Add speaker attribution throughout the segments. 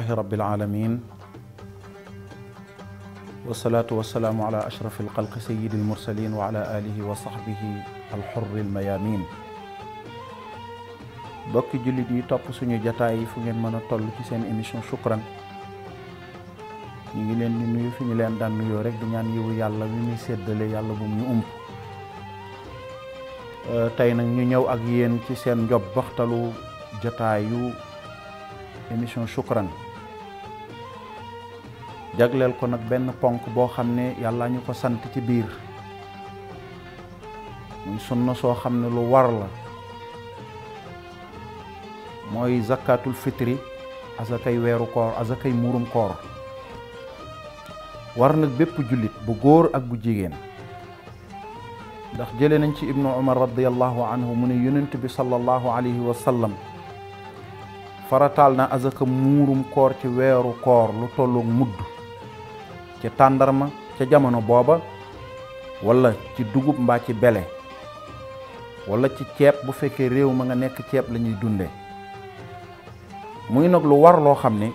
Speaker 1: alhamdulilahi rabbil alamin wasalaatu wasalaamu ala ashraf alxalqi sayidi almursalin wa ala alihi yi topp suñu jataay yi fu ngeen mën a toll ci seen émission shukran ñu ngi leen nuyu fi ñu leen daan nuyoo rek di ñaan yiwu yàlla wi muy séddale yàlla bu ñu umb euh, tey nag ñu ñëw ak yéen ci seen njob baxtalu jataayu émission shukran jagleel ko nag benn ponk boo xam ne yàlla ñu ko sant ci biir muy sunna soo xam ne lu war la mooy zakaatul fitri azakay weeru koor azakay muurum koor war nag bépp jullit bu góor ak bu jigéen ndax jële nañ ci ibnu umar radiallahu anhu mu ne yonent bi sallallahu alayhi wa sallam farataal na azaka muurum koor ci weeru koor lu tolloog mudd ca tàndarma ca jamono booba wala ci dugub mbaa ci bele wala ci ceeb bu fekkee réew ma nga nekk ceeb lañuy dunde muy nag lu war loo xam ni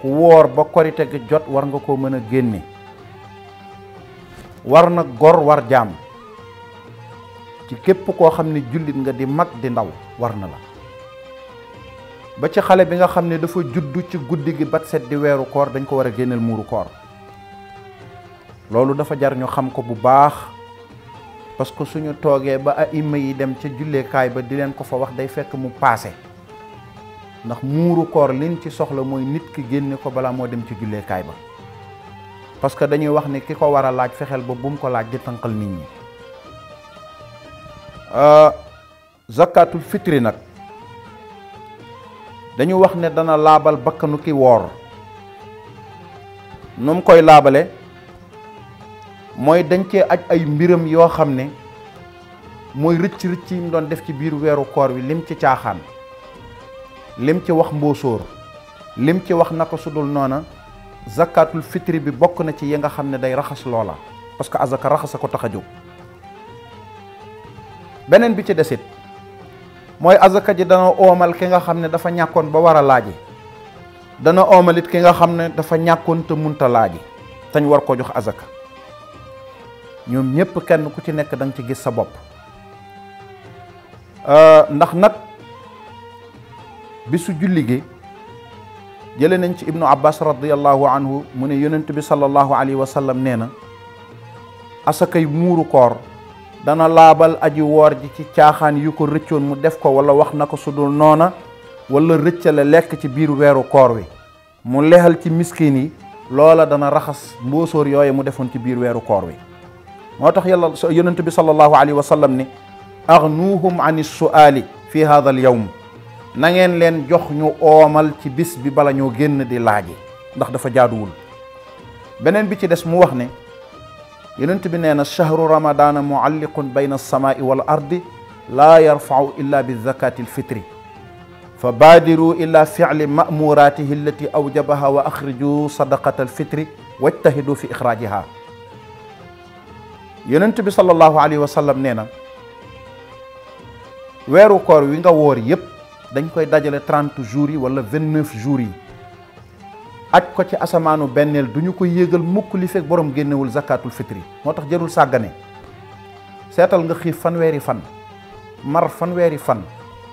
Speaker 1: ku woor ba korite gi jot war nga koo mën a génne war na gor war jaam ci képp koo xam ne jullit nga di mag di ndaw war na la ba ci xale bi nga xam ne dafa juddu ci guddi gi bat set di weeru koor dañ ko war a génneel muuru koor loolu dafa jar ñu xam ko bu baax parce que suñu toogee ba aima yi dem ca julleekaay ba di leen ko fa wax day fekk mu paase ndax muuru koor liñ ci soxla mooy nit ki génne ko balaa moo dem ci julleekaay ba parce que dañuy wax ni ki ko war a laaj fexeel ba bu mu ko laaj di tànqal nit ñi euh, zakatul fitri nag dañu wax ne dana laabal bakkanu ki woor nu mu koy laabale mooy dañ cee ay mbiram yoo xam ne mooy rëcc rëcc yi mu doon def ci biir weeru koor wi lim ci caaxaan lim ci wax mbóosóor lim ci wax na ko sudul noona zakaatul fitri bi bokk na ci yi nga xam ne day raxas loola parce que azaka raxasa ko tax a jóg beneen bi ci desit mooy azaka ji dana omal ki nga xam ne dafa ñàkkoon ba war a laaji dana oomalit ki nga xam ne dafa ñàkkoon te munta laaji tañ war ko jox azaka ñoom ñépp kenn ku ci nekk da ci gis sa bopp euh, ndax nag bisu julli gi jële nañ ci ibnu abbas radiallahu anhu mu ne yonent bi sallallahu alayhi wa sallam nee na asakay muuru koor dana laabal aji woor ji ci caaxaan yu ko rëccoon mu def ko wala wax na ko su dul noona wala rëccale lekk ci biir weeru koor wi mu lexal ci miskin yi loola dana raxas mboosóor yooyu mu defoon ci biir weeru koor wi moo tax yàlla yonent bi sallallahu alayhi wa sallam ne agnuhum an suali fi hada al yawm na ngeen leen jox ñu oomal ci bis bi bala ñoo génn di laaji ndax dafa jaaduwul beneen bi ci des mu wax ne yonent bi nee na chahru ramadana mualliqun bayna alsamaai wal ardi laa yarfau illa bi zakati alfitri fa baadiru ila fiali mamuratihi allati awjabaha wa axriju sadaqata alfitri wajtahidu fi ixraajiha yonent bi sallallahu alayhi wa sallam nee na weeru koor wi nga woor yépp dañ koy dajale trente jours yi wala vingt neuf jours yi aj ko ci asamaanu benneel du ñu ko yéegal mukk li fekk borom génnewul zakaatul fitri moo tax jërul sàggane seetal nga xiif fanweeri fan mar fanweeri fan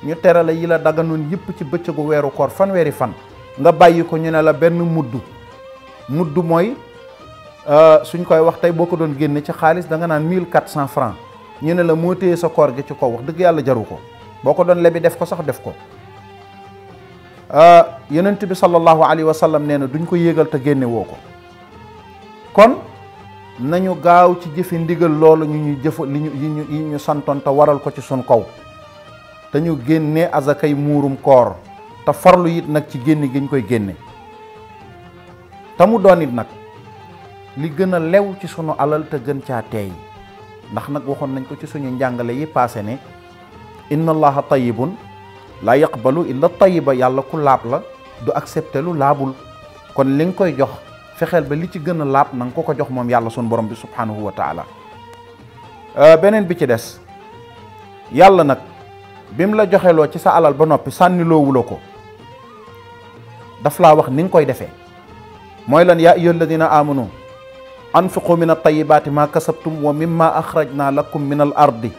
Speaker 1: ñu terale yi la daganoon yëpp ci bëccëgu weeru koor fanweeri fan nga bàyyi ko ñu ne la benn mudd mudd mooy euh, suñ koy wax tey boo ko doon génne ci xaalis da nga naan mille quatre cent francs ñu ne la moo téye sa koor gi ci kaw wax dëgg yàlla jaru ko boo ko doon lebi def ko sax def ko Ah, yonent bi sallallahu alayhi wa sallam nee na duñ ko yéegal te génnewoo ko kon nañu gaaw ci jëfi ndigal loolu ñu ñu jëfa li ñu yi santoon te waral ko ci sun kaw te ñu génnee azakay muurum koor te farlu it nag ci génne gi ñu koy génne te mu doon it nag li gën a lew ci sunu alal te gën caa teey ndax nag waxoon nañ ko ci suñu njàngale yi paase ne inna allaha laa yaqbalu illa tayiba yàlla ku laab la du accepté laabul kon li nga koy jox fexeel ba li ci gën a laab na nga ko ko jox moom yàlla sun borom bi subhanahu wa taala euh, beneen bi ci des yàlla nag bim la joxeloo ci sa alal ba noppi sànniloowula ko daf laa wax ni nga koy defee mooy lan yaa ayyuha alladina amanu anfiqu min altayibaati ma kasabtum wa mimma axrajna lakum min al ardi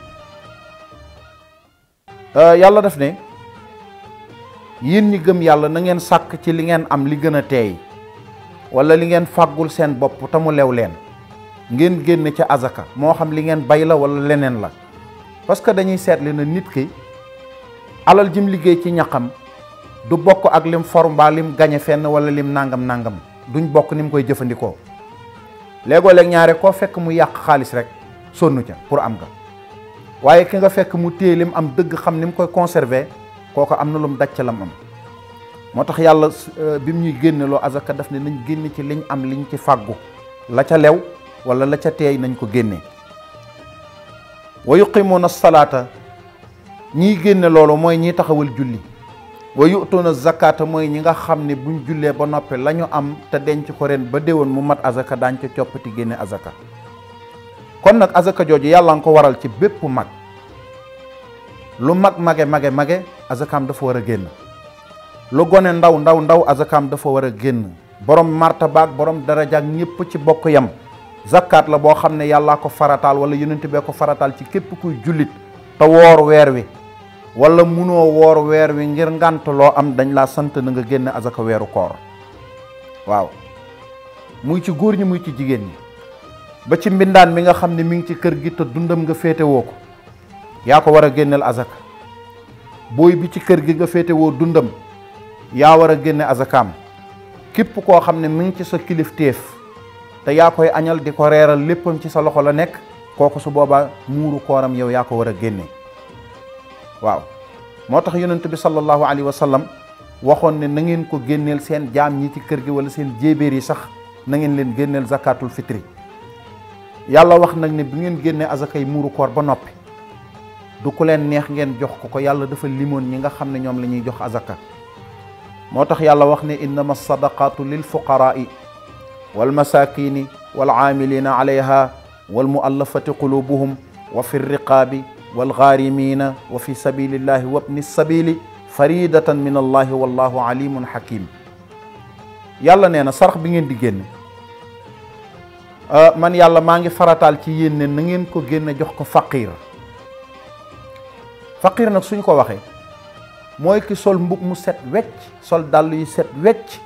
Speaker 1: euh, yàlla def ne yéen ñi gëm yàlla na ngeen sàkk ci li ngeen am li gën a teey wala li ngeen fàggul seen bopp te mu lew leen ngeen génne ca asaka moo xam li ngeen bay la walla leneen la parce que dañuy seetli na nit ki alal jim liggéey ci ñaxam du bokk ak lim for mbaa lim gañe fenn wala lim nàngam nangam duñ bokk ni mu koy jëfandikoo léegoo léeg ñaare koo fekk mu yàq xaalis rek sonn ca pour am ga waaye ki nga fekk mu téye lim am dëgg xam ni mu koy conserver kooko am na lum daj ca lam am moo tax yàlla euh, bi mu ñuy génne loo azaka daf ne nañ génne ci liñ am liñ ci fàggu la ca lew wala la ca teey nañ ko génne wa yuqimuuna salaata ñiy génne loolu mooy ñiy taxawal julli wa yutuuna zakata mooy ñi nga xam ne buñ jullee ba noppi lañu am te denc ko ren ba déwoon mu mat azaka daañ ca coppati génne azaka kon nag azaka jooju yàlla nga ko waral ci bépp mag lu mag mage mage mage azakaam dafa war a génn lu gone ndaw ndaw ndaw azakaam dafa war a génn borom martabaak borom darajaak ñépp ci bokk yam zakkaat la boo xam ne yàllaa ko farataal wala yonent bee ko farataal ci képp kuy jullit te woor weer wi wala munoo woor weer wi ngir ngànt loo am dañ laa sant na nga génn azaka weeru koor waaw muy ci góor ñi muy ci jigéen ñi ba ci mbindaan mi nga xam ne mi ngi ci kër gi te dundam nga féetewoo ko yaa ko war a génneel azaka booy bi ci kër gi nga féetewoo dundam yaa war a génne azakaam képp koo xam ne mi ngi ci sa kilifteef te yaa koy añal di ko reeral léppam ci sa loxo la nekk kooku su boobaa muuru kooram yow yaa ko war a génnee waaw moo tax yonent bi sallallahu alayhi wa sallam waxoon ne na ngeen ko génneel seen jaam ñi ci kër gi wala seen jéebéer yi sax na ngeen leen génneel zakatul fitri yàlla wax nag ne bi ngeen génnee yi muuru koor ba noppi du ku leen neex ngeen jox ko ko yàlla dafa limoon ñi nga xam ne ñoom la jox azaka moo tax yàlla wax ne innama sadaqaatu lil fuqaraai wal masakini wal aamilina alayha wal muallafati qulubuhum wa fi riqaabi wal gaarimina wa fi sabilillahi wabni sabili faridatan min allahi wallahu alimun hakim yàlla nee na sarax bi ngeen di génne ah, man yàlla maa ngi farataal ci yéen ne na ngeen ko génne jox ko faqiir faqiir nag suñ ko waxee mooy ki sol mbub mu set wecc sol dàll yi set wecc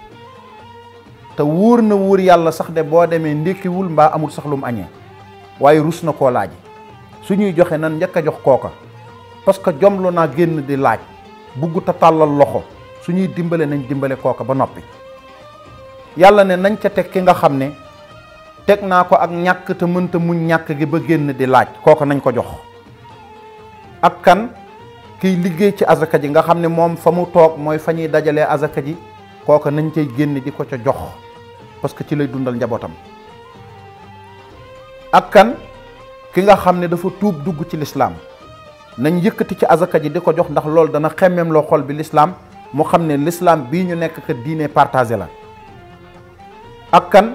Speaker 1: te wóor na wóor yàlla sax de boo demee ndékkiwul mbaa amul sax lu mu añee waaye rus na koo laaj suñuy joxee nan njëkk a jox kooka parce que jomlu naa génn di laaj bugg ta tàllal loxo suñuy dimbale nañ dimbale kooka ba noppi yàlla ne nañ ca teg ki nga xam ne teg naa ko ak ñàkk te mënta muñ ñàkk gi ba génn di laaj kooka nañ ko jox ak kan kiy liggéey ci azaka ji nga xam ne moom fa mu toog mooy fa ñuy dajalee azaka ji kooka nañ cay génne di ko ca jox parce que ci lay dundal njabootam ak kan ki nga xam ne dafa tuub dugg ci lislaam nañ yëkkati ci azaka ji di ko jox ndax loolu dana xemmeem loo xol bi lislaam mu xam ne lislaam bii ñu nekk que diine partagé la ak kan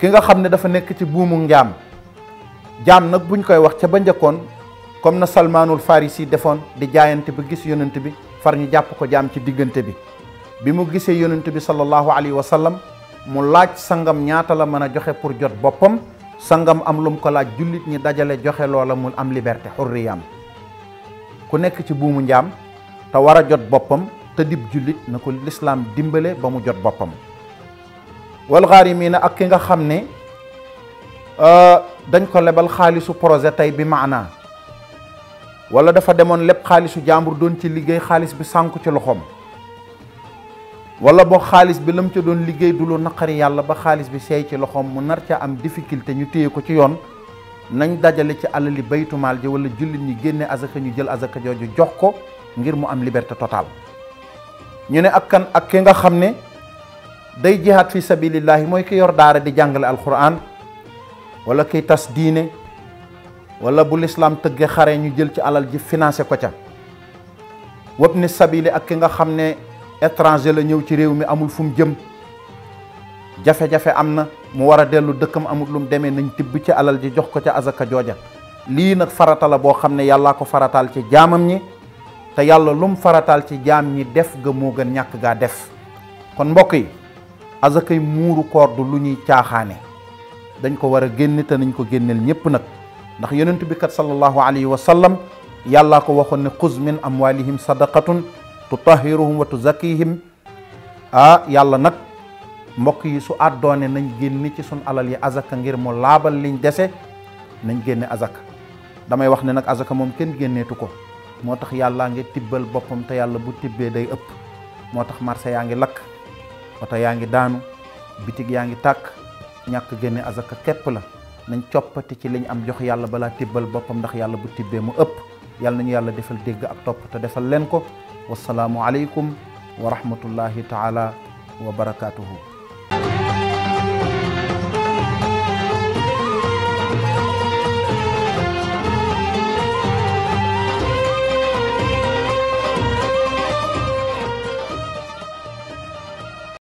Speaker 1: ki nga xam ne dafa nekk ci buumu njaam jaam nag buñ koy wax ca ba njëkkoon comme na salmaanul farisi defoon di jaayante ba gis yonent bi far ñu jàpp ko jaam ci diggante bi bi mu gisee yonent bi sallallahu alayhi wa sallam mu laaj sangam ñaata la mën a joxe pour jot boppam sangam am lum ko laaj jullit ñi dajale joxe loola mu am liberté xurriyaam ku nekk ci buumu njaam te war a jot boppam te dib jullit na ko lislaam dimbale ba mu jot boppam wal xaarimiina ak ki nga xam ne euh, dañ ko lebal xaalisu projet tey bi maanaa wala dafa demoon lépp xaalisu jàmbur doon ci liggéey xaalis bi sànku ci loxoom wala boo xaalis bi lam ca doon liggéey du lu naqari yàlla ba xaalis bi seey ci loxoom mu nar ca am difficulté ñu téye ko ci yoon nañ dajale ci alali baytumaal ji wala jullit ñi génne azaka ñu jël azaka jooju jox ko ngir mu am liberté total ñu ne ak kan ak ki nga xam ne day jihaad fi sabilillahi mooy ki yor daara di jàngale alquran wala ki tas diine wala bu lislaam tëggee xare ñu jël ci alal ji financé ko ca wëp ni sabili ak ki nga xam ne étranger la ñëw ci réew mi amul fu mu jëm jafe-jafe am na mu war a dellu dëkkam amul lu mu demee nañ tibb ci alal ji jox ko ca azaka jooja lii nag farata la boo xam ne yàllaa ko farataal ci jaamam ñi te yàlla lum farataal ci jaam ñi def ga moo gën ñàkk gaa def kon mbokk yi azakay muuru koor lu ñuy caaxaane dañ ko war a génn te nañ ko génneel ñépp nag ndax yonent bi kat sallallahu alayhi wa sallam yàllaa ko waxoon ne xuz min amwalihim sadaqatun tutahiruhum wa tuzakkihim ah yàlla nag mbokk yi su àddoone nañ génne ci sun alal yi azaka ngir mu laabal liñ dese nañ génne azaka damay wax ne nag azaka moom kenn génneetu ko moo tax yàllaa ngi tibbal boppam te yàlla bu tibbee day ëpp moo tax marché yaa ngi lakk oto yaa ngi daanu bitig yaa ngi takk ñàkk génne azaka képp la nañ coppati ci liñ am jox yàlla balaa tibbal boppam ndax yàlla bu tibbee mu ëpp yàlla nañu yàlla defal dégg ak topp te defal leen ko wasalaamu aleykum wa rahmatullahi taala wa barakaatuhu